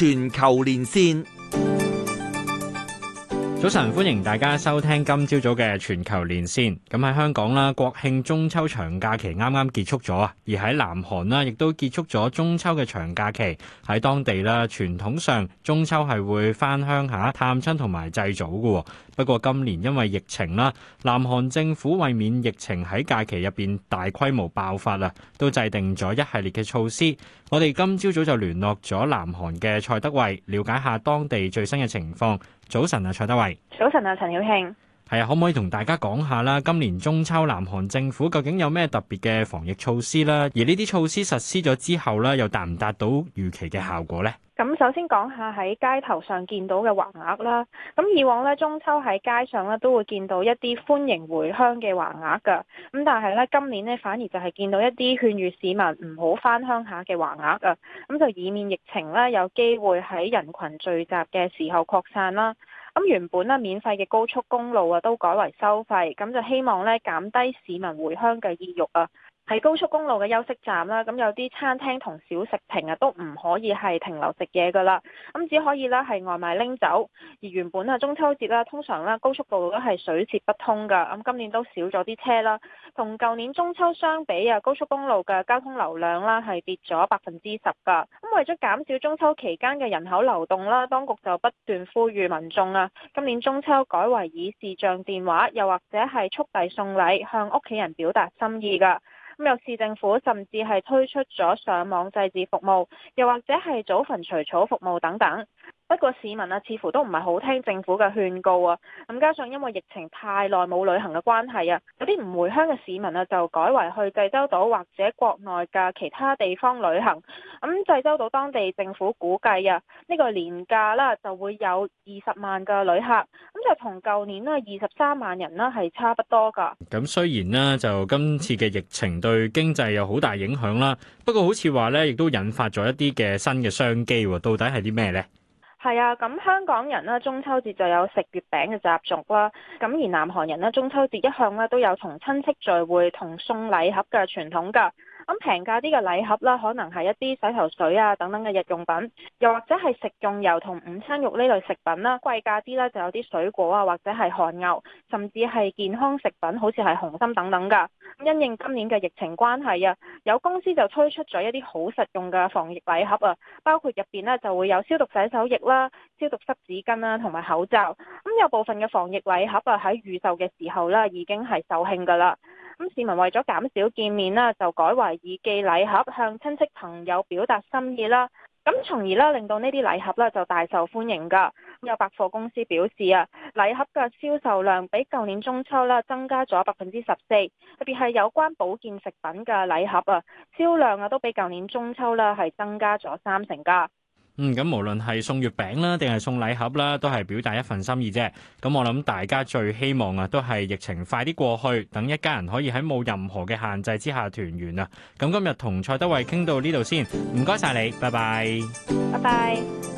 全球連線。早晨，歡迎大家收聽今朝早嘅全球連線。咁、嗯、喺香港啦，國慶中秋長假期啱啱結束咗啊！而喺南韓啦，亦都結束咗中秋嘅長假期。喺當地啦，傳統上中秋係會翻鄉下探親同埋祭祖嘅。不過今年因為疫情啦，南韓政府為免疫情喺假期入邊大規模爆發啦，都制定咗一系列嘅措施。我哋今朝早就聯絡咗南韓嘅蔡德蕙，了解下當地最新嘅情況。早晨啊，蔡德蕙。早晨啊，陳曉慶。係啊，可唔可以同大家講下啦？今年中秋，南韓政府究竟有咩特別嘅防疫措施啦？而呢啲措施實施咗之後咧，又達唔達到預期嘅效果咧？首先講下喺街頭上見到嘅橫額啦。咁以往呢，中秋喺街上呢都會見到一啲歡迎回鄉嘅橫額㗎。咁但係呢，今年呢，反而就係見到一啲勸喻市民唔好返鄉下嘅橫額㗎。咁就以免疫情呢，有機會喺人群聚集嘅時候擴散啦。咁原本呢，免費嘅高速公路啊都改為收費，咁就希望呢，減低市民回鄉嘅意欲啊。喺高速公路嘅休息站啦，咁有啲餐廳同小食亭啊，都唔可以係停留食嘢噶啦，咁只可以啦係外賣拎走。而原本啊中秋節啦，通常啦，高速公路都係水泄不通噶，咁今年都少咗啲車啦。同舊年中秋相比啊，高速公路嘅交通流量啦係跌咗百分之十噶。咁為咗減少中秋期間嘅人口流動啦，當局就不斷呼籲民眾啊，今年中秋改為以視像電話又或者係速遞送禮向屋企人表達心意噶。咁有市政府甚至係推出咗上網祭祀服務，又或者係祖墳除草服務等等。不過市民啊，似乎都唔係好聽政府嘅勸告啊。咁加上因為疫情太耐冇旅行嘅關係啊，有啲唔回鄉嘅市民啊，就改為去濟州島或者國內嘅其他地方旅行。咁濟州島當地政府估計啊，呢個年假啦就會有二十萬個旅客，咁就同舊年呢，二十三萬人啦係差不多㗎。咁雖然咧就今次嘅疫情對經濟有好大影響啦，不過好似話呢，亦都引發咗一啲嘅新嘅商機喎。到底係啲咩呢？係啊，咁、嗯、香港人咧中秋節就有食月餅嘅習俗啦。咁而南韓人咧中秋節一向咧都有同親戚聚會、同送禮盒嘅傳統噶。咁平價啲嘅禮盒啦，可能係一啲洗頭水啊等等嘅日用品，又或者係食用油同午餐肉呢類食品啦。貴價啲呢，就有啲水果啊，或者係韓牛，甚至係健康食品，好似係紅心等等嘅。咁因應今年嘅疫情關係啊，有公司就推出咗一啲好實用嘅防疫禮盒啊，包括入邊呢就會有消毒洗手液啦、消毒濕紙巾啦同埋口罩。咁有部分嘅防疫禮盒啊喺預售嘅時候咧已經係售罄㗎啦。咁市民為咗減少見面啦，就改為以寄禮盒向親戚朋友表達心意啦。咁從而呢，令到呢啲禮盒呢就大受歡迎㗎。有百貨公司表示啊，禮盒嘅銷售量比舊年中秋呢增加咗百分之十四，特別係有關保健食品嘅禮盒啊，銷量啊都比舊年中秋呢係增加咗三成㗎。嗯，咁無論係送月餅啦，定係送禮盒啦，都係表達一份心意啫。咁我諗大家最希望啊，都係疫情快啲過去，等一家人可以喺冇任何嘅限制之下團圓啊。咁今日同蔡德蕙傾到呢度先，唔該晒你，拜拜，拜拜。